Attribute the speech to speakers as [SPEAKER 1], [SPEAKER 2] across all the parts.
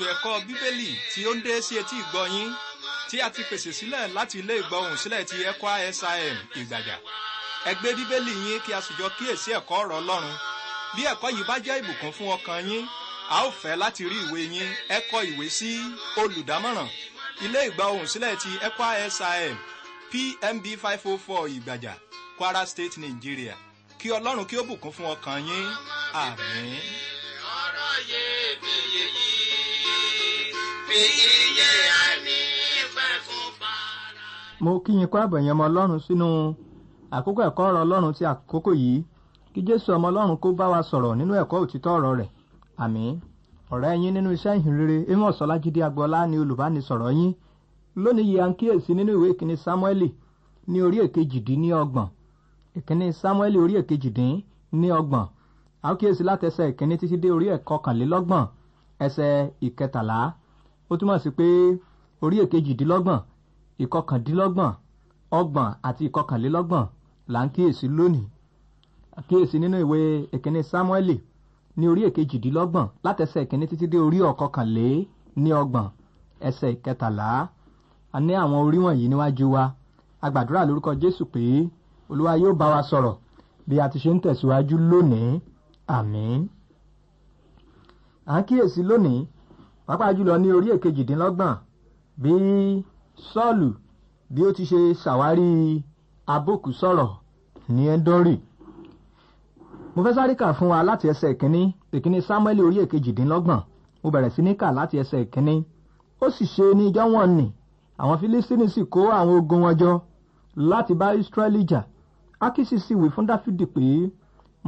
[SPEAKER 1] ètò ẹ̀kọ́ bíbélì tí ó ń dé sí etí ìgbọ́ yín tí a ti pèsè sílẹ̀ láti ilé ìgbọ́hùn sílẹ̀ ti ẹ̀kọ́ sim ìgbàjà ẹ gbé bíbélì yín kí a sì jọ kíyèsí ẹ̀kọ́ ọ̀rọ̀ ọlọ́run bí ẹ̀kọ́ yìí bá jẹ́ ìbùkún fún ọkàn yín a ó fẹ́ láti rí ìwé yín ẹ ìwé sí olùdámọ̀ràn ilé ìgbọ́hùn sílẹ̀ ti ẹ̀kọ́ sim pmb five oh four ìgbàjà kwara state nigeria kí ọlọ́run kí ó bùkún fún ọkàn yín àmín.
[SPEAKER 2] ọ̀rọ̀ yé mi yé yé
[SPEAKER 1] mo kí yín kó àbọ̀ yẹn ọmọ ọlọ́run sínú àkókò ẹ̀kọ́ ọ̀rọ̀ ọlọ́run ti àkókò yìí kí jésù ọmọ ọlọ́run kó bá wa sọ̀rọ̀ nínú ẹ̀kọ́ òtítọ́ ọ̀rọ̀ rẹ̀ àmín ọ̀rẹ́ yín nínú iṣẹ́ ìhìnrere amos ọlájídé agboola ni olùbánisọ̀rọ̀ yín lónìí yìí à ń kíyèsí nínú ìwé ìkíní samueli ní orí èkejìdínlọ́gbọ̀n ìkíní samueli orí èkejìdínlọ́gbọ̀n à ń kíyèsí látẹsẹ̀ ìkíní ó túmọ̀ sí pé orí èkejìdínlọ́gbọ̀n ìkọkàndínlọ́gbọ̀n ọgbọ̀n àti ìkọkànlélọ́gbọ̀n là ń kíyèsí lónìí àkíyèsí nínú ìwé ìkíní Sámúẹ́lì ní orí èkejìdínlọ́gbọ̀n látẹsẹ̀ ìkíní títí dé orí ọ̀kọkànlé ní ọgbọ̀n ẹsẹ̀ ìkẹtàlá a ní àwọn orí wọ̀nyí níwájú wa a gbàdúrà lórúkọ Jésù pé Olúwa yóò bá wa sọ̀rọ̀ bí a ti ṣe ń tẹ̀síwájú lónìí àmín à ń kíyèsí lónìí pàápàá jùlọ ní orí èkejìdínlọ́gbọ̀n bí sọ́ọ̀lù bí ó ti ṣe ṣàwárí abókù sọ̀rọ̀ ní ẹ́ńdọ́rì mo fẹ́ sáré kà fún wa láti ẹsẹ̀ ìkíní ìkíní sámúẹ́lì orí èkejìdínlọ́gbọ̀n mo bẹ̀rẹ̀ sí ní kà láti ẹsẹ̀ ìkíní ó sì ṣe ní ijọ́ wọn nì àwọn filistini sì kó àwọn ogun wọn jọ láti bá israẹli jà akisi sì wí fún dáfídì pé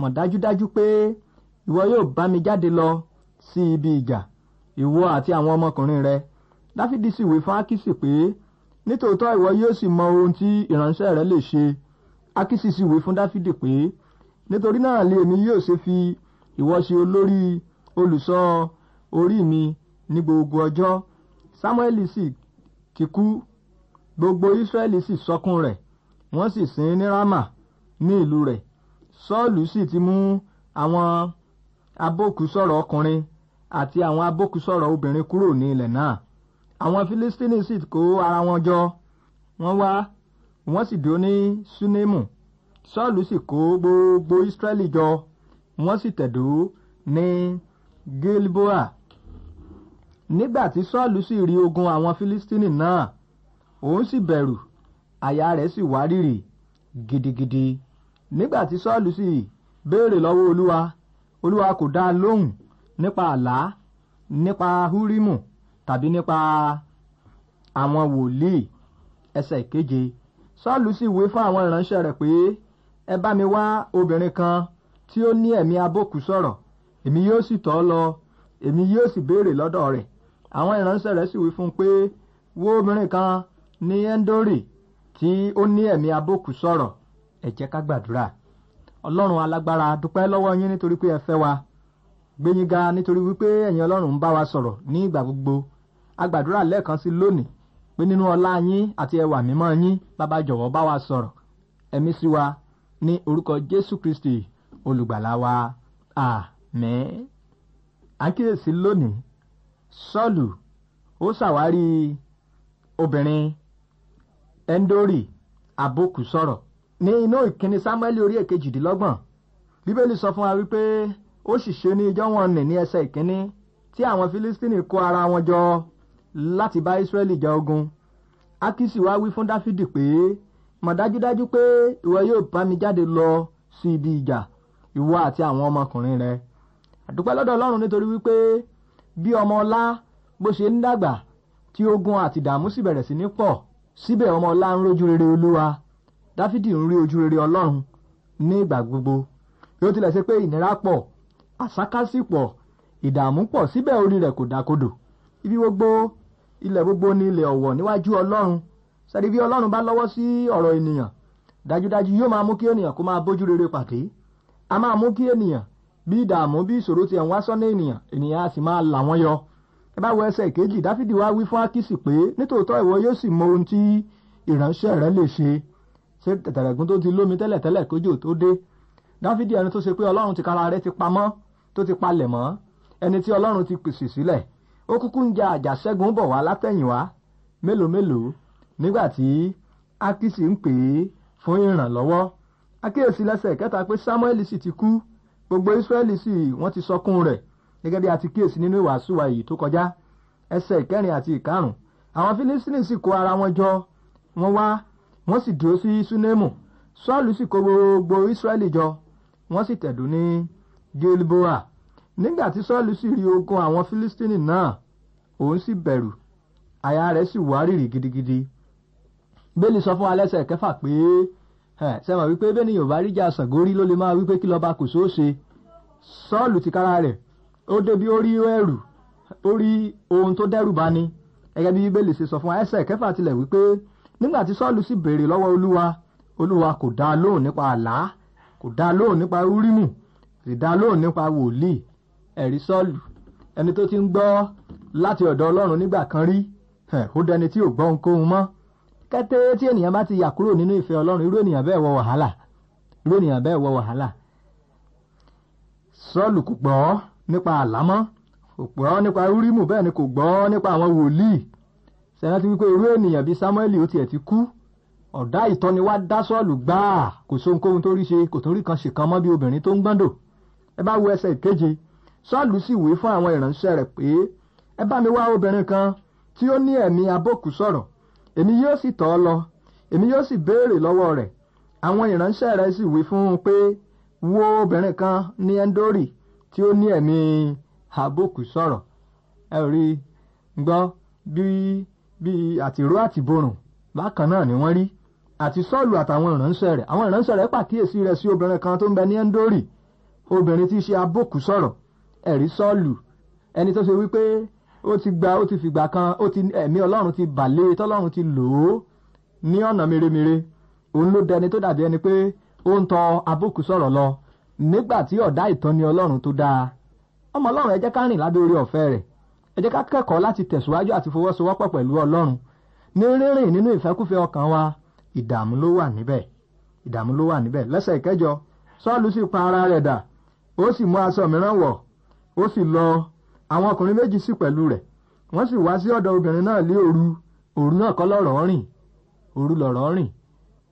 [SPEAKER 1] mọ̀ dájúdájú pé ìwọ yóò bá mi jáde lọ sí ibi ìjà ìwọ àti àwọn ọmọkùnrin rẹ dáfídì sì wí fún ákísì pé nítòótọ́ ìwọ yóò sì mọ ohun tí ìránṣẹ́ rẹ lè ṣe ákísì sì wí fún dáfídì pé nítorí náà lé èmi yóò ṣe fi ìwọ ṣe olórí olùṣọ́ orí mi ní gbogbo ọjọ́ sámúẹ́lì sì kíkú gbogbo ísírẹ́lì sì sọkún rẹ̀ wọ́n sì sin ní rámà ní ìlú rẹ̀ sọ́ọ̀lù sì ti mú àwọn abókù sọ̀rọ̀ ọkùnrin àti àwọn abókùsọ̀rọ̀ obìnrin kúrò ní ilẹ̀ náà àwọn Filistini sì kó ara wọn jọ wọ́n wá wọ́n sì dúró ní Ṣunemu Sọ́ọ̀lù sì kó gbogbo Ísírẹ́lì jọ wọ́n sì tẹ̀dó ní Gilboa nígbà tí Sọ́ọ̀lù sì rí ogun àwọn Filistini náà òun sì bẹ̀rù àyà rẹ̀ sì wárìrì gidigidi nígbà tí Sọ́ọ̀lù sì béèrè lọ́wọ́ Olúwa Olúwa kò dá a lóhùn nípa àlá nípa húrímù tàbí nípa àwọn wòlíì ẹsẹ̀ ìkeje sọ́ọ̀lù sì wé fún àwọn ìránṣẹ́ rẹ̀ pé ẹ bá mi wá obìnrin kan tí ó ní ẹ̀mí abókù sọ̀rọ̀ èmi yóò sì tọ́ lọ èmi yóò sì béèrè lọ́dọ̀ rẹ̀ àwọn ìránṣẹ́ rẹ̀ sì wí fún un pé wo obìnrin kan ní Ẹ́ńdórì tí ó ní ẹ̀mí abókù sọ̀rọ̀ ẹ ká gbàdúrà ọlọ́run alágbára dúpẹ́ lọ́wọ́ yín nítorí pé ẹ fẹ́ wa gbẹ̀yìn ga nítorí wípé ẹ̀yin ọlọ́run ń bá wa sọ̀rọ̀ ní ìgbà gbogbo a gbàdúrà lẹ́ẹ̀kan sí lónìí pé nínú ọlá yín àti ẹwà mímọ́ yín bàbá jọ̀wọ́ bá wa sọ̀rọ̀ ẹ̀mí sí wa ní orúkọ jésù kristi olùgbàlà wa àmín. àkíyèsí lónìí sọ́ọ̀lù ó ṣàwárí obìnrin endori aboku sọ̀rọ̀ ní inú ìkíni samuel orí èkejìdínlọ́gbọ̀n bíbélì sọ fún wa wípé ó sì ṣe ní ijọ́ wọn nì ní ẹsẹ̀ ìkíní tí àwọn filistini kó ara wọn jọ láti bá israẹli jà ogun akisi wá wí fún dáfídì pé mọ̀ dájúdájú pé ìwọ yóò bá mi jáde lọ sí ibi ìjà ìwọ àti àwọn ọmọkùnrin rẹ àdúpẹ́ lọ́dọ̀ ọlọ́run nítorí wípé bí ọmọ ọlá bó ṣe ń dàgbà tí ogun àti ìdààmú sì bẹ̀rẹ̀ sí ní pọ̀ síbẹ̀ ọmọ ọlá ń rójú rere olúwa dáfídì ń rí ojú rere ọlọ́run ní ìgbà gbogbo yóò tilẹ̀ ṣe pé ìnira pọ̀ àṣàkáṣì pọ̀ ìdààmú pọ̀ síbẹ̀ orí rẹ̀ kò dákodò ibi gbogbo ilẹ̀ gbogbo ni ilẹ̀ ọ̀wọ̀ níwájú ọlọ́run sẹ́ni bí ọlọ́run bá lọ́wọ́ sí ọ̀rọ̀ ènìyàn dájúdájú yóò máa mú kí ènìyàn kó máa bójú rere pàdé a máa mú kí ènìyàn bí ìdààmú bí ìṣòro ti ẹ̀wọ̀n asán ní ènìyàn ènìyàn á sì máa là wọ́n yọ ẹ bá wo ẹsẹ̀ ìkejì dáfídì wá wí fún ákísì pé nítòótọ́ ìwọ yóò sì mọ ohun tí ìránṣẹ́ rẹ lè ṣe ṣé tẹ̀tẹ̀rẹ̀gún tó ti lómi tẹ́lẹ̀tẹ́lẹ̀ kójò tó dé dáfídì ẹni tó ṣe pé ọlọ́run ti kára rẹ ti pamọ́ tó ti palẹ̀ mọ́ ẹni tí ọlọ́run ti pèsè sílẹ̀ ó kúkú ń ja àjàṣẹ́gun bọ̀ wá látẹ̀yìnwá mélòó mélòó nígbà tí akisi ń pè é fún ìrànlọ́wọ́ akéèsí lẹ́sẹ̀ kẹta pé samuel sì ti kú gbogbo israẹli sì wọ́n ti sọkún rẹ̀ gẹ́gẹ́ bí a ti kíyèsí nínú ìwàásù wa èyí tó kọjá ẹsẹ̀ ìkẹrin àti ìkarùn àwọn filistini sì kó ara wọn jọ wọ́n wá wọ́n sì dúró sí sunemu sọ́ọ̀lù sì kó gbogbo israẹli jọ wọ́n sì tẹ̀dó ní gilboa nígbà tí sọ́ọ̀lù sì rí ogun àwọn fílístínì náà òun sì bẹ̀rù àyà rẹ̀ sì wárìrì gidigidi bẹ́ẹ̀ni sọ fún alẹ́sẹ̀ kẹfà pé sẹ́wọ̀n wípé bẹ́ẹ̀ni yorùbá ríjà sàngórí ló lè máa wípé kí lọ́ba kò sóò ṣe sọ́ọ̀lù ti kára rẹ̀ ó débi ó rí ẹ̀rù ó rí ohun tó dẹ́rù bá ní gẹ́gẹ́ bí bẹ́ẹ̀ni ṣe sọ fún alẹ́sẹ̀ kẹfà tilẹ̀ wípé nígbà tí sọ́ọ̀lù sì béèrè lọ́wọ́ olúwa olúwa kò dá lóhùn nípa àlá kò dá lóhùn nípa úrímù ìdálóhùn nípa wòlíì ẹ̀rí sọ́ọ̀lù ẹni tó ti ń gbọ́ láti ọ̀dọ̀ ọlọ́run nígbà kan rí ó dẹni tí ò gbọ́ ohunkóhun mọ́ kété tí ènìyàn bá ti yà kúrò nínú ìfẹ́ ọlọ́run irú ènìyàn bẹ́ẹ̀ wọ wàhálà irú ènìyàn bẹ́ẹ̀ wọ wàhálà sọ́ọ̀lù kò gbọ́ nípa àlámọ́ kò gbọ́ nípa rúrímù bẹ́ẹ̀ ni kò gbọ́ nípa àwọn wòlíì sẹ́yìn ti wípé irú ènìyàn bíi Sámúẹ́lì ó tiẹ̀ ti kú ọ̀dá ìtọ́ni wá dá sọ́ọ̀lù gbáà kò sóhunkóhun tó rí ṣe kò tó rí kan ṣèkan mọ́ bí obìnrin tó ń gbọ́ndò ẹ bá wo ẹsẹ̀ ìkeje sọ́ọ̀lù sì wí fún àwọn ìránṣẹ́ rẹ̀ pé ẹ bá mi wá obìnrin kan tí ó ní ẹ̀mí abókù sọ̀rọ̀ èmi yóò sì tọ̀ ọ́ lọ èmi yóò sì béèrè lọ́wọ́ rẹ̀ àwọn ìránṣẹ́ rẹ̀ sì wí fún un pé wo obìnrin kan ní Ẹ́ńdórì tí ó ní ẹ̀mí abókù sọ̀rọ̀ ẹ rí gbọ́ bí bí àtìró àtìborùn bákan náà ni wọ́n rí àti sọ́ọ̀lù àtàwọn ìránṣẹ́ rẹ̀ àwọn ìránṣẹ́ rẹ̀ pàkíyèsí rẹ̀ sí obìnrin kan tó ń bẹ ní Ẹ́ńdórì obìnrin tí í ṣe abókù sọ̀rọ̀ ẹ̀rí sọ́ọ̀lù ẹni tó ṣe wípé ó ti gba ó ti fìgbà kan ó ti ẹ̀mí ọlọ́run ti bàlé tọ́lọ́run ti lò ó ní ọ̀nà mèremère òun ló dẹni tó dàbí ẹni pé ó ń tọ abókù sọ̀rọ̀ lọ nígbà tí ọ̀dá ìtàn ni ọlọ́run tó dáa ọmọ ọlọ́run ẹ jẹ́ ká rìn lábẹ́ orí ọ̀fẹ́ rẹ̀ ẹ jẹ́ ká kẹ́kọ̀ọ́ láti tẹ̀síwájú àti fọwọ́sowọ́pọ̀ pẹ̀lú ọlọ́run ní rírìn nínú ìfẹ́kúfẹ́ ọkàn wa ìdààmú ló wà níbẹ̀ ìdààmú ló wà níbẹ̀ lẹ́sẹ̀ ìkẹjọ sọ́ọ̀lù sì pa ara rẹ̀ dà ó sì mú aṣọ mìíràn wọ̀ ó sì lọ àwọn ọkùnrin méjì sí pẹ̀lú rẹ̀ wọ́n sì wá sí ọ̀dọ̀ obìnrin náà lé òru òru náà kọ́ lọ́rọ̀ rìn òru lọ́rọ̀ rìn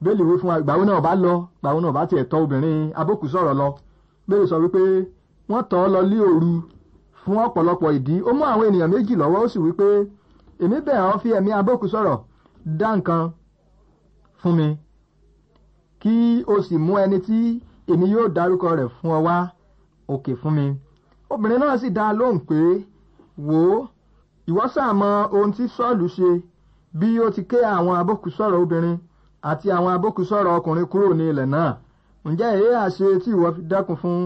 [SPEAKER 1] bẹ́ẹ̀lì wí fún wa ìgbàwo náà bá lọ ìgbàwo náà bá tiẹ̀ tọ́ obìnrin abókù sọ̀rọ̀ lọ bẹ́ẹ̀lì sọ wípé wọ́n tọ́ lọ lé òru fún ọ̀pọ̀lọpọ̀ ìdí ó mú àwọn ènìyàn méjì lọ́wọ́ ó sì wípé èmi bẹ̀ ọ́ fi ẹ̀mí abókù sọ̀rọ̀ dá nǹkan fún mi kí o sì mú ẹni tí èmi yóò dárúkọ rẹ̀ fún ọ wá òkè fún mi obìnrin náà sì dá a lóhùn pé wò ó ìwọ sàmọ ohun tí sọ́ọ̀lù ṣe bí ó ti ké àwọn abókùsọ̀rọ̀ obìnrin àti àwọn abókùsọ̀rọ̀ ọkùnrin kúrò ní ilẹ̀ náà ǹjẹ́ èyí àṣe tí ìwọ fi dẹ́kun fún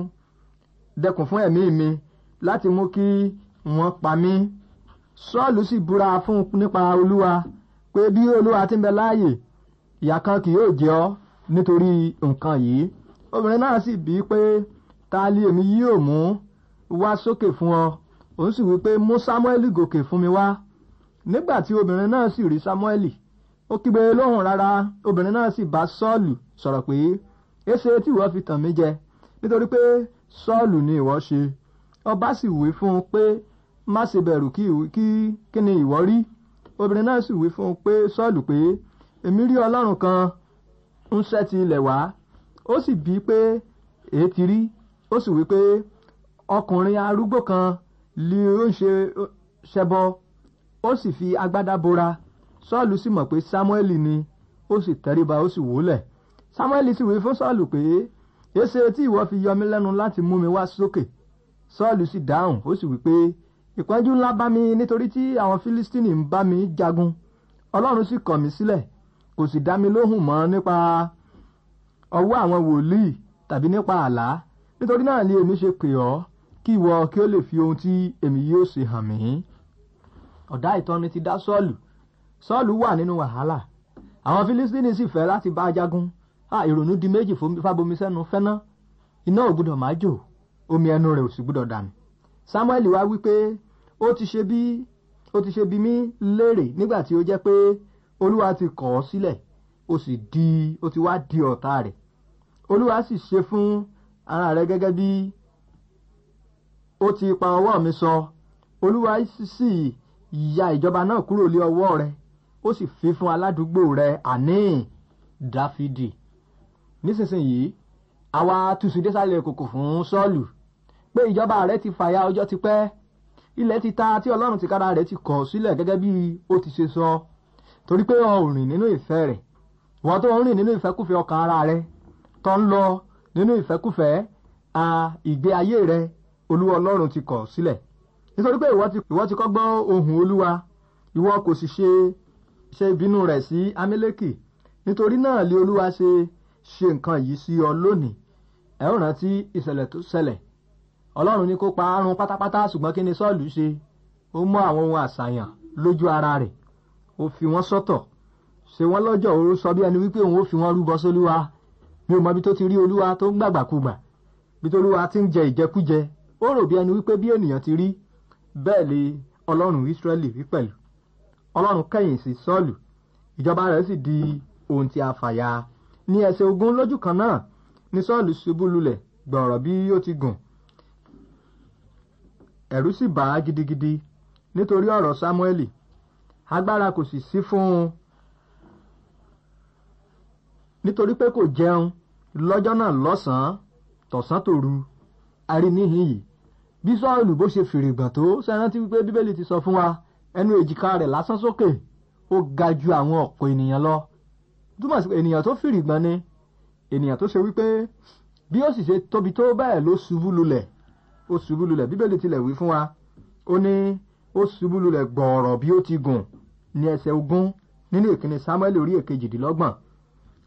[SPEAKER 1] dẹ́kun fún ẹ̀mí mi láti mú kí wọ́n pa mí sọ́ọ̀lù sì búra fún nípa olúwa pé bí olúwa ti ń bẹ láàyè ìyà kan kì yóò jẹ ọ́ nítorí nǹkan yìí obìnrin náà sì bí pé ta li èmi yóò mú wá sókè fún ọ òun sì wípé mú sámúẹ́lì gòkè fún mi wá nígbà tí obìnrin náà sì rí sámúẹ́lì ó kígbe lóhùn rárá obìnrin náà sì bá sọ́ọ̀lù sọ̀rọ̀ pé éṣe tí ìwọ fi tàn mí jẹ nítorí pé sọ́ọ̀lù ni ìwọ ṣe ọba sì wí fún un pé má ṣe bẹ̀rù kí kí ni ìwọ rí obìnrin náà sì wí fún un pé sọ́ọ̀lù pé èmi rí ọlọ́run kan ń ṣẹ́ ti ilẹ̀ wá ó sì bí pé èé ti rí ó sì wí pé ọkùnrin arúgbó kan lè ó ń ṣe ṣẹbọ ó sì fi agbádá bora sọ́ọ̀lù sì mọ̀ pé sámúẹ́lì ni ó sì tẹríba ó sì wólẹ̀ sámúẹ́lì sì wí fún sọ́ọ̀lù pé èsè tí ìwọ fi yọ mí lẹ́nu láti mú mi wá sókè sọ́ọ̀lù sì dáhùn ó sì wí pé ìpọ́njú ńlá bá mi nítorí tí àwọn fílístínì ń bá mi jagun ọlọ́run sì kọ̀ mí sílẹ̀ kò sì dá mi lóhùn mọ́ nípa ọwọ́ àwọn wòlíì tàbí nípa àlá nítorí náà ni èmi ṣe pè ọ́ kí ìwọ kí ó lè fi ohun tí èmi yóò ṣe hàn mí. ọ̀dà ìtọ́ni ti dá sọ́ọ̀lù sọ́ọ̀lù wà nínú wàhálà àwọn fílísítínì sì fẹ́ láti bá a jagun a ìrònú di méjì fábomi sẹ́nu fẹ́ná iná ò gbúdọ̀ má jò omi ẹnu rẹ̀ ò sì gbúdọ̀ dànù Samuel wá wí ó ti ṣe bí mí léèrè nígbà tí ó jẹ́ pé olúwa ti kọ̀ ọ́ sílẹ̀ ó sì di ó ti wá di ọ̀tá rẹ̀ olúwa sì ṣe fún ara rẹ gẹ́gẹ́ bí ó ti pa ọwọ́ mi sọ olúwa sì ya ìjọba náà kúrò lé ọwọ́ rẹ ó sì fi fún aládùúgbò rẹ àní dáfídì nísinsìnyí àwa tùsùdé sálẹ̀ kòkò fún sọ́ọ̀lù pé ìjọba rẹ ti fàya ọjọ́ ti pẹ́ ilẹ̀ ti ta tí ọlọ́run tìkára rẹ ti kọ̀ sílẹ̀ gẹ́gẹ́ bí ó ti ṣe sọ torí pé o nínú ìfẹ́ rẹ̀ wọ́n tó ń rìn nínú ìfẹ́kùfẹ́ ọkàn ara rẹ tó ń lọ nínú ìfẹ́kúfẹ́ a ìgbé ayé rẹ olúwa ọlọ́run ti kọ̀ sílẹ̀ nítorí pé ìwọ ti kọ́ gbọ́ ohùn olúwa ìwọ kò sì ṣe ṣe ìbínú rẹ̀ sí amẹ́lẹ́kì nítorí náà lé olúwa ṣe ṣe nǹkan yìí sí ọ lónìí ẹ ó rántí ìṣẹ̀lẹ̀ tó ṣẹlẹ̀ ọlọ́run ní kó pa àrùn pátápátá ṣùgbọ́n kí ni sọ́ọ̀lù ṣe ó mọ àwọn ohun àṣàyàn lójú ara rẹ̀ ó fi wọ́n sọ́tọ̀ ṣe wọ́n lọ́jọ́ òru sọ bí ẹni wípé òun ó fi wọ́n rúbọ sólúwa mi ò mọ ibi tó ti rí olúwa tó ń gbàgbàkúgbà ibi tó olúwa ti ń jẹ ìjẹkújẹ ó rò bí ẹni wípé bí ènìyàn ti rí bẹ́ẹ̀ lè ọlọ́run Ísírẹ́lì rí pẹ̀lú ọlọ́run kẹ̀yìn sí Sọ́ọ̀lù ìjọba rẹ̀ sì di ohun tí a fàya ní ẹsẹ̀ ogun lójú kan náà ni Sọ́ọ̀lù ṣubú lulẹ̀ gbọ̀rọ̀ bí ó ti gùn ẹ̀rù sì bà á gidigidi nítorí ọ̀rọ̀ Sámúẹ́lì agbára kò sì sí fún un nítorí pé kò jẹun lọ́jọ́ náà lọ́sàn-án tọ̀sán tòru aríníhìn yìí bí sọ́ọ̀lù bó ṣe fèrè gbọ̀n tó sẹ́rántí wípé bíbélì ti sọ fún wa ẹnu èjìká rẹ̀ lásán sókè ó ga ju àwọn ọ̀pọ̀ ènìyàn lọ túmọ̀ sí ènìyàn tó fèrè gbọ̀n ni ènìyàn tó ṣe wípé bí ó sì ṣe tóbi tó bẹ́ẹ̀ ló ṣubú lulẹ̀ ó ṣubú lulẹ̀ bíbélì tilẹ̀ wí fún wa ó ní ó ṣubú lulẹ̀ gbọ̀ọ̀rọ̀ bí ó ti gùn ní ẹsẹ̀ ogún nínú ìkíni Sámúẹ́lì orí èkejìdínlọ́gbọ̀n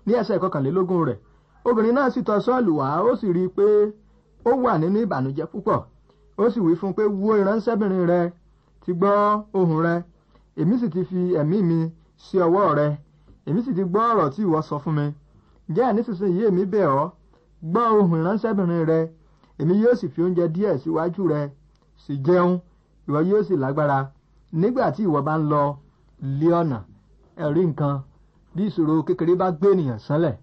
[SPEAKER 1] ní ẹsẹ̀ ìkọkànlélógún rẹ̀ obìnrin náà sì tọ sọ́ọ̀lù wá ó sì rí i pé ó wà nínú ìbànújẹ́ púpọ̀ ó sì wí fún pé wo ìránṣẹ́bìnrin rẹ ti gbọ́ ohùn rẹ èmi sì ti fi ẹ̀mí mi sí ọwọ́ rẹ èmi sì ti gbọ́ ọ̀rọ̀ tí ìwọ sọ fún mi jẹ́ nísinsìnyí èmi bẹ̀ ọ́ gbọ́ ohùn ìránṣẹ́bìnrin rẹ èmi yóò sì fi oúnjẹ díẹ̀ síwájú rẹ sì jẹun ìwọ yóò sì lágbára nígbà tí ìwọ bá ń lọ lé ọ̀nà ẹ̀rí nǹkan bí ìṣòro kékeré bá gbé ènìyàn sánlẹ̀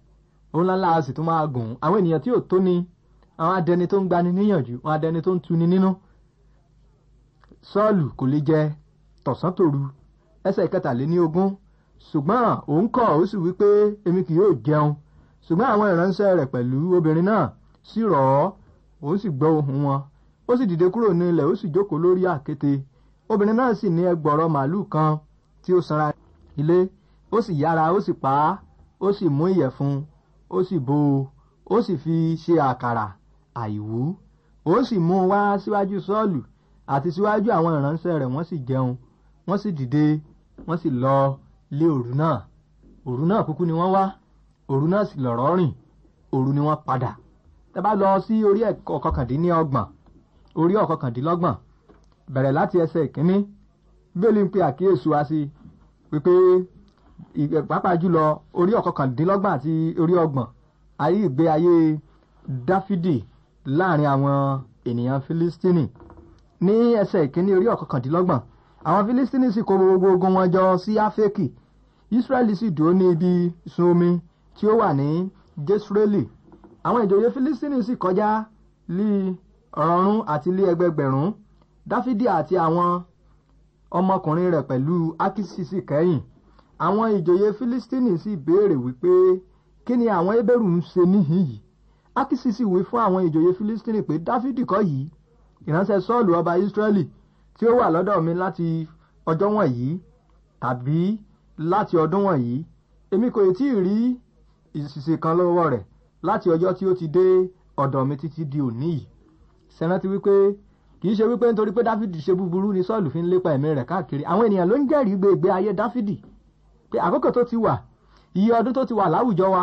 [SPEAKER 1] òun lánlá a sì tún máa gùn àwọn ènìyàn tí ò tó ni àwọn adẹni tó ń gbani níyànjú àwọn adẹni tó ń tuni nínú sọ́ọ̀lù kò lè jẹ tọ̀sán tòru ẹsẹ̀ ìkẹtàléní ogún ṣùgbọ́n òun kọ̀ ó sì wí pé èmi kì yóò jẹun ṣùgbọ́n àwọn ìránṣẹ́ rẹ̀ pẹ̀lú obìnrin náà sì rọ̀ ọ́ òun sì gbọ́ ohùn wọn ó sì dìde kúrò ní ilẹ̀ ó sì jókòó lórí àkéte obìnrin náà sì ní ẹgbọ̀rọ̀ màálù kan tí ó sanra ilé ó sì yára ó sì pa á ó sì mú ìyẹ̀fun ó sì bò ó sì fi ṣe àkàrà àìwú ó sì mú un wá síwájú sọ́ọ̀lù àti síwájú àwọn ìránṣẹ́ rẹ̀ wọ́n sì jẹun wọ́n sì dìde wọ́n sì lọ lé òru náà òru náà kúkú ni wọ́n wá òru náà sì lọ̀rọ̀ rìn òru ni wọ́n padà tẹ́ bá lọ sí orí ọ̀kọ̀kàndínlọ́gbọ̀n orí ọ̀kọ̀kàndínlọ́gbọ̀n bẹ̀rẹ̀ láti ẹsẹ̀ ìkíní bẹ́ẹ̀ ni pé àkíyèsí wa sí wípé pàápàá jùlọ orí ọ̀kọ̀kàndínlọ́gbọ̀n àti orí ọgbọ̀n ayé ìgbé ayé dáfídì láàrin àwọn ènìyàn filistini ní ẹsẹ̀ ìkíní orí ọ̀kọ̀kàndínlọ́gbọ̀n àwọn filistini sì kó gbogbo ogun wọn jọ sí áfẹ́kì israeli sì dúró ní ibi ìsun omi tí ó wà ní jésùrẹ́lì àwọn ìjòyè filistini sì kọjá lí ọ̀rọ̀rún àti lí ẹgbẹgbẹ̀rún dáfídì àti àwọn ọmọkùnrin rẹ̀ pẹ̀lú ákísì sì kẹ́yìn àwọn ìjòyè Filistini sì béèrè wípé kí ni àwọn ebéèrù ń ṣe níhìn yìí ákísì sì wí fún àwọn ìjòyè fílístínì pé dáfídì kọ́ yìí ìránṣẹ́ sọ́ọ̀lù ọba ísírẹ́lì tí ó wà lọ́dọ̀ mi láti ọjọ́ wọ̀nyí tàbí láti ọdún wọ̀nyí èmi kò tí ì rí ìṣìṣẹ́ kan lọ́wọ́ rẹ̀ láti ọjọ́ tí ó ti dé ọ̀dọ̀ mi títí di òní yìí sẹ́rántí wípé kì í ṣe wípé nítorí pé dáfídì ṣe búburú ni sọ́ọ̀lù fi ń lépa ẹ̀mí rẹ̀ káàkiri àwọn ènìyàn ló ń jẹ́rìí gbé ìgbé ayé dáfídì pé àkókò tó ti wà iye ọdún tó ti wà láwùjọ wa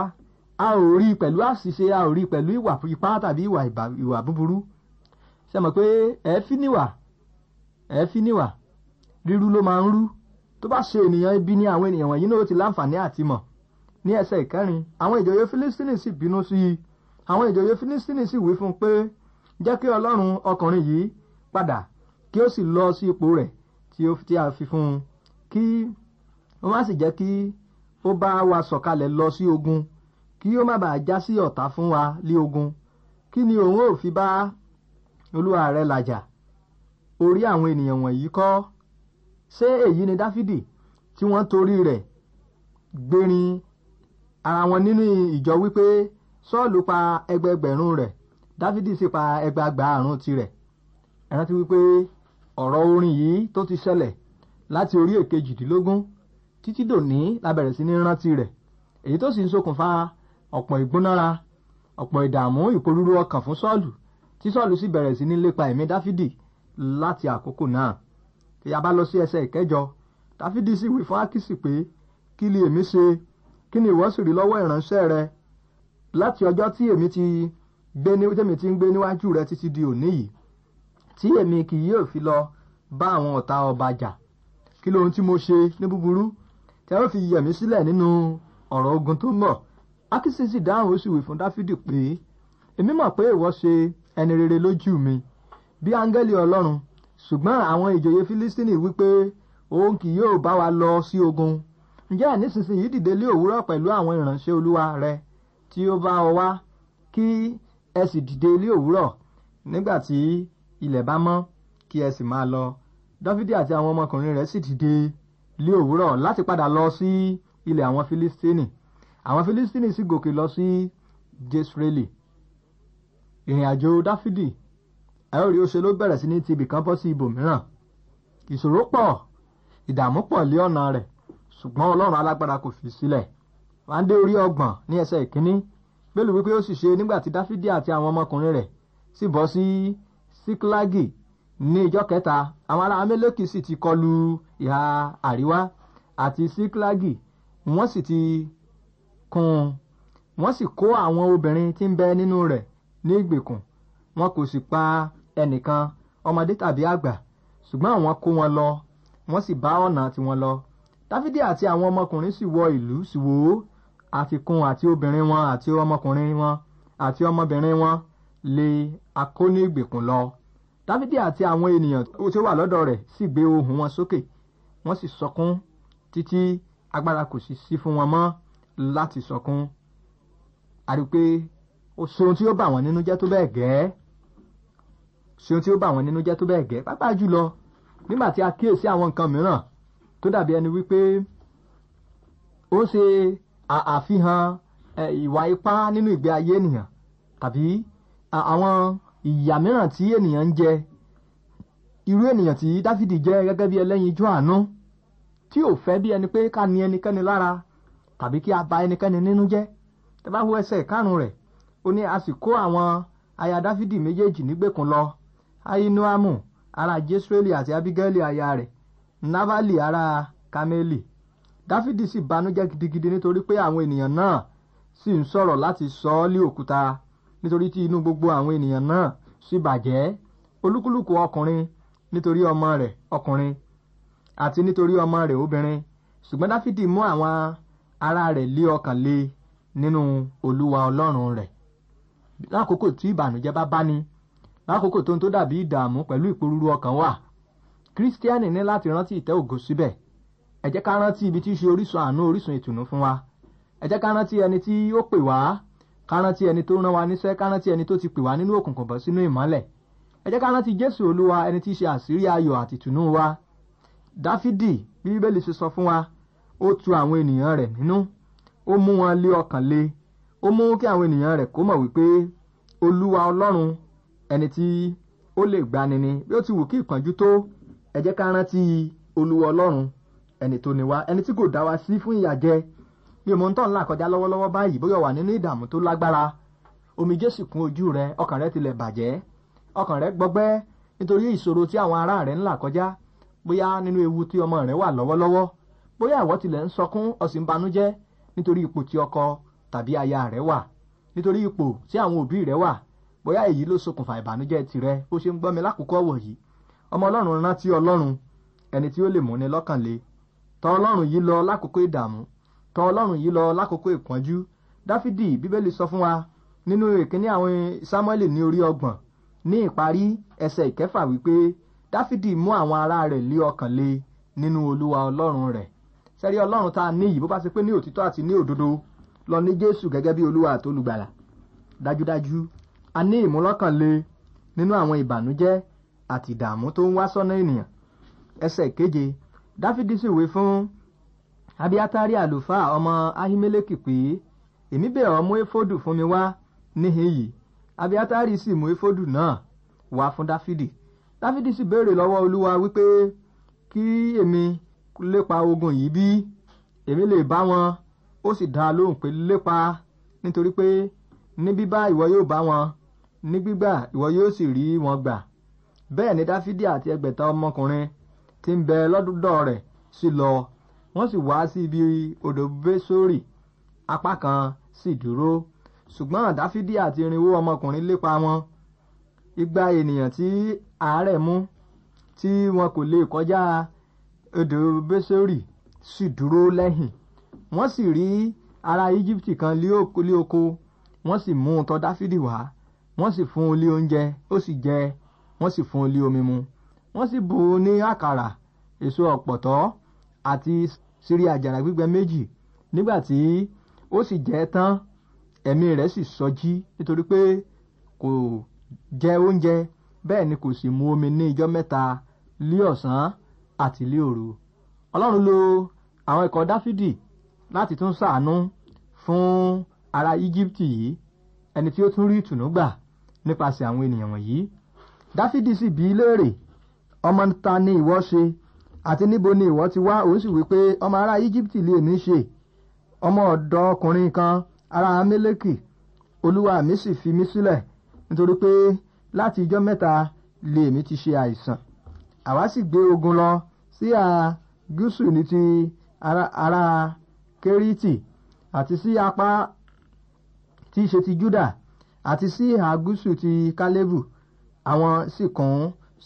[SPEAKER 1] a ò rí pẹ̀lú àṣìṣe a ò rí pẹ̀lú ìwà ipá tàbí ìwà búburú ṣe mọ̀ pé ẹ̀ẹ́fín níwà ẹ̀ẹ́fín níwà rírú ló máa ń rú tó bá ṣe ènìyàn ibi ní àwọn ènìyàn wọ̀nyí náà ti láǹfààní àti mọ̀ ní ẹsẹ̀ ìkẹrin àwọn ìjòyè Fílístínì sì bínú sí i àwọn ìjòyè Fílístínì sì wí fún un pé jẹ́ kí Ọlọ́run ọkùnrin yìí padà kí ó sì lọ sí ipò rẹ̀ tí a fi fún un kí wọ́n má sì jẹ́ kí ó bá wa sọ̀kalẹ̀ lọ sí ogun kí ó má bàa já sí ọ̀tá fún wa lé ogun kí ni òun ò fi bá olúwa rẹ làjà orí àwọn ènìyàn wọ̀nyí kọ́ ṣé èyí ni dáfídì tí wọ́n torí rẹ̀ gbérin ara wọn nínú ìjọ wípé sọ́ọ̀lù pa ẹgbẹẹgbẹ̀rún rẹ̀ dáfídì sì pa ẹgbàgbàrún tirẹ̀ ẹ rántí wípé ọ̀rọ̀ orin yìí tó ti ṣẹlẹ̀ láti orí èkejìdínlógún títí dòní la bẹ̀rẹ̀ sí ní rántí rẹ̀ èyí tó sì ń ṣokùnfà ọ̀pọ̀ ìgbónára ọ̀pọ̀ ìdààmú ìpòrúru ọkàn fún sọ́ọ̀lù tí sọ́ọ̀lù sì bẹ̀rẹ̀ sí ní lépa ẹ̀mí dáfídì láti àkókò náà kí a bá lọ sí ẹsẹ̀ ìkẹjọ dáfídì sì wí fún ákísì pé kí ni èmi ṣe kí ni ìwọ sì rí lọ́wọ́ ìránṣẹ́ rẹ láti ọjọ́ tí èmi ti gbé ní tèmi ti ń gbé níwájú rẹ títí di òní yìí tí èmi kì yóò fi lọ bá àwọn ọ̀tá ọba jà kí lóhun tí mo ṣe ní búburú tí a ó fi yẹ̀mí sílẹ̀ nínú ọ̀rọ̀ ogun tó ń bọ̀ akísì sì dáhùn ó sì wí fún dáfídì pé èmi mọ̀ pé ìwọ ṣe ẹni rere lójú mi bí áńgẹ́lì ọlọ́run ṣùgbọ́n àwọn ìjòyè fílístínì wípé òun kì yóò bá wa lọ sí ogun ǹjẹ́ nísinsìnyí dìde lé òwúrọ̀ pẹ̀lú àwọn ìránṣẹ́ olúwa rẹ tí ó bá ọ wá kí ẹ sì dìde lé òwúrọ̀ nígbà tí ilẹ̀ bá mọ́ kí ẹ sì máa lọ dáfídì àti àwọn ọmọkùnrin rẹ̀ sì dìde lé òwúrọ̀ láti padà lọ sí ilẹ̀ àwọn Filistini àwọn Filistini sì gòkè lọ sí Jesreeli ìrìn àjò Dáfídì ẹ ó rí ó ṣe ló bẹ̀rẹ̀ sí ní ti ibìkan bọ́ sí ibòmíràn ìṣòro pọ̀ ìdààmú pọ̀ lé ọ̀nà rẹ̀ ṣùgbọ́n Ọlọ́run alágbára kò fi sílẹ̀ wá ń dé orí ọgbọ̀n ní ẹsẹ̀ ìkíní bẹ́ẹ̀ wípé ó sì ṣe nígbà tí Dáfídì àti àwọn ọmọkùnrin rẹ̀ sì bọ́ sí Síkílágì ní ìjọ kẹta àwọn ará amẹ́lẹ́kì sì ti kọlu ìhà àríwá àti síklagi wọ́n sì ti kún un wọ́n sì kó àwọn obìnrin tí ń bẹ nínú rẹ̀ ní ìgbèkùn wọn kò sì pa ẹnìkan ọmọdé tàbí àgbà ṣùgbọ́n àwọn kó wọn lọ wọ́n sì bá ọ̀nà tiwọn lọ dáfídì àti àwọn ọmọkùnrin sì wọ ìlú sì wò ó àfikún àti obìnrin wọn àti ọmọkùnrin wọn àti ọmọbìnrin wọn lé akóní ìgbèkùn lọ dávidi àti àwọn ènìyàn tí ó wà lọ́dọ̀ rẹ̀ sì gbé ohùn wọn sókè wọ́n sì sọkún títí agbára kò sì sí fún wọn mọ́ láti sọkún a rí i pé ó ṣeun tí ó bà wọ́n nínú jẹ́ tó bẹ́ẹ̀ gẹ́ ṣeun tí ó bà wọ́n nínú jẹ́ tó bẹ́ẹ̀ gẹ́ pàápàá jùlọ nígbà tí a kíyèsí àwọn nǹkan mìíràn tó dàbí ẹni wípé ó ṣe àfihàn ìwà ipá nínú ìgbé ayé ènìyàn tàbí àwọn ìyà mìíràn tí ènìyàn ń jẹ irú ènìyàn tí dáfídì jẹ gẹ́gẹ́ bí ẹlẹ́yinjú àánú tí ò fẹ́ bí ẹni pé ká ní ẹnikẹ́ni lára tàbí kí a bà ẹnikẹ́ni nínú jẹ́ tẹ́ bá wo ẹsẹ̀ ìkarùn rẹ̀ ó ní a sì kó àwọn aya dáfídì méjèèjì nígbèkùn lọ ainoamu ará jesreeli àti abigaili aya rẹ̀ nabali ará kameli dáfídì sì banújẹ́ gidigidi nítorí pé àwọn ènìyàn náà sì ń sọ̀rọ̀ láti sọ ọ́ lé òkúta nítorí tí inú gbogbo àwọn ènìyàn náà sì bàjẹ́ olúkúlùkù ọkùnrin nítorí ọmọ rẹ̀ ọkùnrin àti nítorí ọmọ rẹ̀ obìnrin ṣùgbọ́n dáfídì mú àwọn ará rẹ̀ lé ọkàn lé nínú olúwa ọlọ́run rẹ̀ lákòókò tí ìbànújẹ́ bá bá ní lákòókò tó ń tó dàbí ìdààmú pẹ̀lú ìpòrúurú ọkàn wà kírísítíánì ní láti rántí ìtẹ́ ògo síbẹ̀ ẹ ká rántí ibi tí ṣe orísun àánú orísun ìtùnú fún wa ẹ ká rántí ẹni tí ó pè wá kárántí ẹni tó rán wa níṣẹ́ kárántí ẹni tó ti pè wá nínú òkùnkùn bọ́ sínú ìmọ́lẹ̀ ẹ jẹ́ kárántí jésù olúwa ẹni tí í ṣe àṣírí ayọ̀ àti ìtùnú wa dáfídì bí bíbélì ṣe sọ fún wa ó tu àwọn ènìyàn rẹ̀ nínú ó mú wọn lé ọkàn le ó mú kí àwọn ènìyàn rẹ̀ kó mọ̀ wípé olúwa ọlọ́run ẹni tí ó lè gbani ni bí ó ti wù kí ìpọ́njú tó ẹ jẹ́ kárántí olúwa ọlọ́run ẹni tó ni wá ẹni tí kò dá wa sí fún ìyàjẹ́ bí o mọ ń tọ́ ńlá kọjá lọ́wọ́lọ́wọ́ báyìí bóyá wà nínú ìdààmú tó lágbára omijé sì kún ojú rẹ ọkàn rẹ tilẹ̀ bàjẹ́ ọkàn rẹ gbọgbẹ́ nítorí ìṣòro tí àwọn ará rẹ ń là kọjá bóyá nínú ewu tí ọmọ rẹ wà lọ́wọ́lọ́wọ́ bóyá ìwọ tilẹ̀ ń sọkún o sì ń banújẹ́ nítorí ipò tí ọkọ tàbí aya rẹ wà nítorí ipò tí àwọn òbí rẹ wà bóyá èyí ló ṣokùnfà ìbànújẹ́ tirẹ bó ṣe ń gbọ́ mi lákòókò wọ̀nyí ọmọ ọlọ́run rántí ọlọ́run ẹni tí ó lè múni lọ́kànlé tọ̀ ọlọ́run yìí lọ lákòókò ìdààmú tọ ọlọ́run yìí lọ lákòókò ìpọ́njú dáfídì bíbélì sọ fún wa nínú ìkíní àwọn sámúẹ́lì ní orí ọgbọ̀n ní ìparí ẹsẹ̀ ìkẹfà wípé dáfídì mú àwọn ará rẹ̀ lé ọkàn le nínú olúwa ọlọ́run rẹ̀ sẹ́rí ọlọ́run tá a ní yìí bó bá ṣe pé ní òtítọ́ àti ní òdodo lọ ní jésù gẹ́gẹ́ bí olúwa àtolùgbàlà dájúdájú a ní ìmúlọ́kànle nínú àwọn ìbànújẹ́ àti ìdààmú tó ń wá sọ́nà ènìyàn ẹsẹ̀ keje dáfídì sì wé fún abiatari àlùfáà ọmọ ahimeleki pé èmi bẹ̀ ọ́ mú éfódù fún mi wá níhìn yìí abiatari sì mú éfódù náà wá fún dáfídì dáfídì sì béèrè lọ́wọ́ olúwa wípé kí èmi lépa ogun yìí bí èmi lè bá wọn ó sì dá lóhùn pé lépa nítorí pé ní bíbá ìwọ yóò bá wọn ní gbígbà ìwọ yóò sì rí wọn gbà bẹ́ẹ̀ ni dáfídì àti ẹgbẹ̀ta ọmọkùnrin tí ń bẹ lọ́dọ̀ rẹ̀ sì lọ wọ́n sì wá sí ibi odò bésórì apá kan sì dúró ṣùgbọ́n dáfídì àti irinwó ọmọkùnrin lépa wọn igba ènìyàn tí àárẹ̀ mú tí wọn kò lè kọjá odò bésórì sì dúró lẹ́yìn wọ́n sì rí ará íjíbítì kan lé oko wọ́n sì mú un tọ̀ dáfídì wá wọ́n sì fún un lé oúnjẹ ó sì jẹ wọ́n sì fún un lé omi mu wọ́n sì bù ú ní àkàrà èso ọ̀pọ̀tọ́ àti sì rí àjàrà gbígbẹ méjì nígbà tí ó sì jẹ tán ẹ̀mí rẹ̀ sì sọjí nítorí pé kò jẹ oúnjẹ bẹ́ẹ̀ ni kò sì mu omi ní ijọ́ mẹ́ta lé ọ̀sán àti lé òru ọlọ́run lo àwọn ikọ̀ dáfídì láti tún ṣàánú fún ará íjíbítì yìí ẹni tí ó tún rí ìtùnú gbà nípasẹ̀ àwọn ènìyàn wọ̀nyí dáfídì sì bí léèrè ọmọ ta ni ìwọ ṣe àti níbo ni ìwọ ti wá òun sì wí pé ọmọ ará íjíbítì lè mí ṣe ọmọ ọ̀dọ́ ọkùnrin kan ará amélèkì olúwa mi sì fi mí sílẹ̀ nítorí pé láti ijọ́ mẹ́ta lèmi ti ṣe àìsàn àwa sì gbé ogun lọ sí à gúúsù ní ti ará kérítì àti sí apá tí í ṣe ti júdà àti sí ìhà gúúsù ti kálẹ́bù àwọn sì kún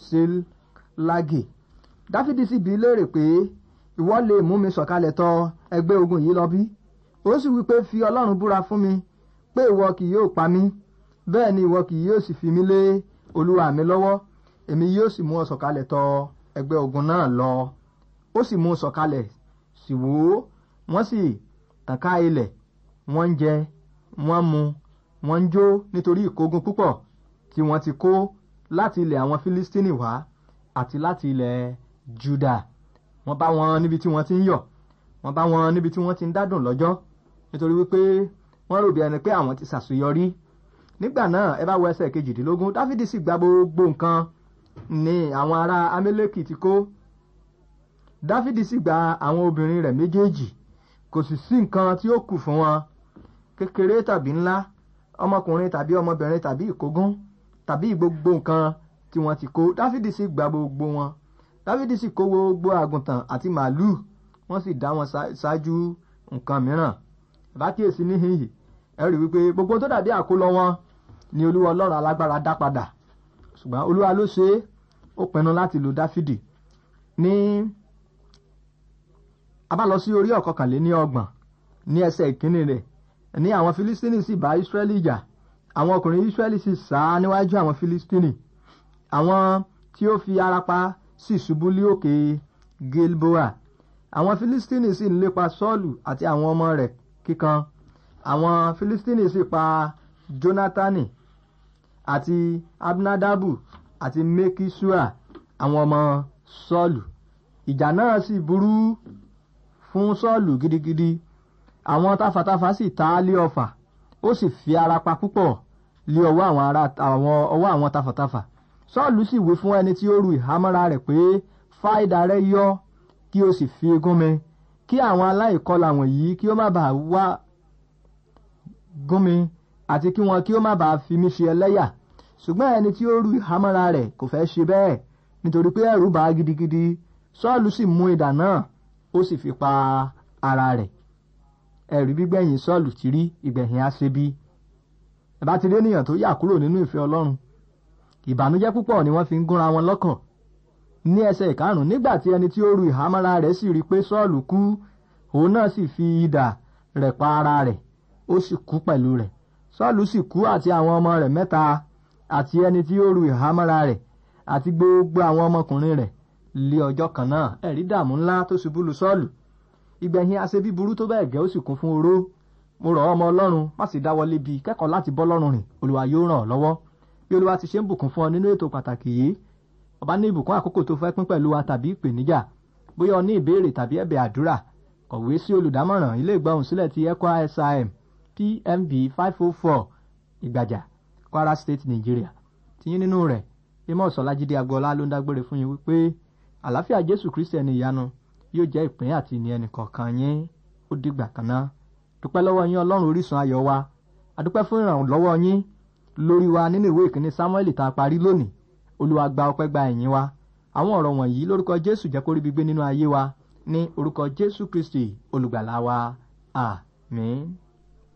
[SPEAKER 1] sílágì. Si dáfídì sì bi léèrè pé ìwọ lè mú mi sọ̀kalẹ̀ tọ ẹgbẹ́ ogun yìí lọ bí ó sì wí pé fi ọlọ́run búra fún mi pé ìwọ kì yóò pa mí bẹ́ẹ̀ ni ìwọ kì yóò sì fi mí lé olúwa mi lọ́wọ́ èmi yóò sì mú ọ sọ̀kalẹ̀ tọ ẹgbẹ́ ogun náà lọ ó sì mú un sì wò ó wọ́n sì tàn ká ilẹ̀ wọ́n ń jẹ wọ́n mu wọ́n ń jó nítorí ìkógun púpọ̀ tí wọ́n ti kó láti ilẹ̀ àwọn fílístínì wá àti láti ilẹ̀ Júdà wọ́n bá wọn níbi tí wọ́n ti ń yọ̀ wọ́n bá wọn níbi tí wọ́n ti ń dádùn lọ́jọ́ nítorí wípé wọ́n rò bí ẹni pé àwọn ti ṣàṣeyọrí nígbà náà ẹ bá wo ẹsẹ̀ kejìdínlógún Dáfídì sì gba gbogbo nǹkan ni àwọn ará Amẹ́lẹ́kì ti kó Dáfídì sì gba àwọn obìnrin rẹ̀ méjèèjì kò sì sí nǹkan tí ó kù fún wọn kékeré tàbí ńlá ọmọkùnrin tàbí ọmọbìnrin tàbí ìkógún tàbí gbogbo nǹkan tí wọ́n ti kó Dáfídì sì gba gbogbo wọn dáfídì sì kó gbogbo àgùntàn àti màálùú wọ́n sì dá wọn ṣáájú nǹkan mìíràn bákíyèsí níhìnyí ẹ rí wípé gbogbo tó dàbí àkólọ wọn ni olúwa ọlọ́run alágbára dá padà ṣùgbọ́n olúwa ló ṣe é ó pinnu láti lo dáfídì ní abálọ sí orí ọ̀kọ̀kànléní ọgbọ̀n ní ẹsẹ̀ ìkíní rẹ̀ ní àwọn filistini sì bá israẹli jà àwọn ọkùnrin israẹli sì sá níwájú àwọn filistini àwọn tí ó fi ara pa sì ṣubú lé òkè gilboa àwọn filistini sì ń lépa sọ́ọ̀lù àti àwọn ọmọ rẹ̀ kíkan àwọn filistini sì pa jonatani àti Abnadabu, àti mekisua àwọn ọmọ sọ́ọ̀lù ìjà náà sì burú fún sọ́ọ̀lù gidigidi àwọn tafàtafà sì ta á lé ọfà ó sì fi ara pa púpọ̀ lé ọwọ́ àwọn ará sọ́ọ̀lù sì wí fún ẹni tí ó ru ìhámọ́ra rẹ̀ pé fá idà rẹ yọ kí o sì fi gún mi kí àwọn aláìkọlà wọ̀nyí kí ó má bàa wá gún mi àti kí wọn kí ó má bàa fi mí ṣe ẹlẹ́yà ṣùgbọ́n ẹni tí ó ru ìhámọ́ra rẹ̀ kò fẹ́ ṣe bẹ́ẹ̀ nítorí pé ẹ̀rù bà gidigidi sọ́ọ̀lù sì mú idà náà ó sì fi pa ara rẹ̀ ẹ̀rí gbígbẹ̀yìn sọ́ọ̀lù ti rí ìgbẹ̀yìn á ẹ bá ti rí ènìyàn tó yà kúrò nínú ìfẹ́ ọlọ́run ìbànújẹ́ púpọ̀ ni wọ́n fi ń gúnra wọn lọ́kàn ní ẹsẹ̀ ìkarùn nígbà tí ẹni tí ó ru ìhámọ́ra rẹ̀ sì rí i pé sọ́ọ̀lù kú òun náà sì fi idà rẹ̀ pa ara rẹ̀ ó sì kú pẹ̀lú rẹ̀ sọ́ọ̀lù sì kú àti àwọn ọmọ rẹ̀ mẹ́ta àti ẹni tí ó ru ìhámọ́ra rẹ̀ àti gbogbo àwọn ọmọkùnrin rẹ̀ lé ọjọ́ kan náà ẹ̀rí dààmú ńlá tó ṣubú lu sọ́ọ̀lù ìgbẹ̀yìn aṣebí burú tó bẹ́ẹ̀ gẹ́ ó sì kún fún oró mo rọ̀ ọmọ ọlọ́run má sì dáwọ́lé bíi kẹ́kọ̀ọ́ láti bọ́ lọ́rùn rìn olúwa yóò ràn ọ́ lọ́wọ́ bí olúwa ti ṣe ń bùkún fún ọ nínú ètò pàtàkì yìí ọba ní ìbùkún àkókò tó fẹ́ pín pẹ̀lú wa tàbí ìpèníjà bóyá o ní ìbéèrè tàbí ẹ̀bẹ̀ àdúrà kọ̀wé sí olùdámọ̀ràn ilé ìgbóhùnsílẹ̀ ti ECWA SIM PMB five oh four ìgbàjà Kwara State Nigeria tiyín nínú rẹ̀ Amos Ọlájídé Agboola ló ń dágbére fún yín wípé àlàáfíà Jésù Kristi ẹni ìyanu yóò jẹ́ ìpín àti ìní ẹnìkọ̀ọ̀kan yín ó dìgbà kan náà dúpẹ́ lọ́wọ́ yín Ọlọ́run orísun ayọ̀ wa àdúpẹ́ fún ìrànlọ́wọ́ yín lórí wa nínú ìwé ìkíní Sámúẹ́lì tá a parí lónìí olúwa gba ọpẹ́ gba ẹ̀yìn wa àwọn ọ̀rọ̀ wọ̀nyí lórúkọ Jésù jẹ́ kó rí gbígbé nínú ayé wa ní orúkọ Jésù Kristi olùgbàlà wa àmín.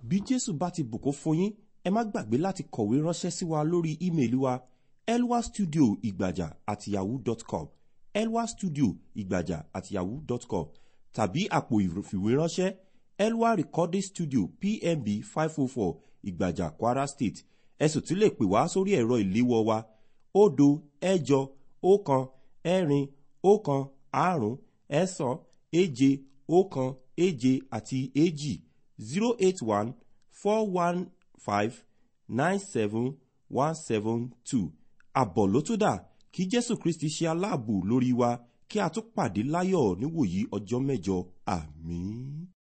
[SPEAKER 1] bí Jésù bá ti bùkún fún yín ẹ má gbàgbé láti kọ̀wé ránṣẹ́ sí wa lórí ímeèlì wa elwastudio igbaja at yahoo dot com elwastudio igbaja at yahoo dot com tàbí àpò ìfìwéránṣẹ́ elwa recording studio pmb five oh four ìgbàjà kwara state ẹ sì tún lè pè wá sórí ẹ̀rọ ìléwọ́ wa òdo ẹ̀jọ ọ̀kan ẹ̀rin ọ̀kan àrún ẹ̀sán èje ọ̀kan èje àti èjì zero eight one four one five nine seven one seven two àbọ̀ ló tó dà kí jésù kristi ṣe aláàbò lórí wa kí a tún pàdé láyọ̀ níwòyí ọjọ́ mẹ́jọ àmín.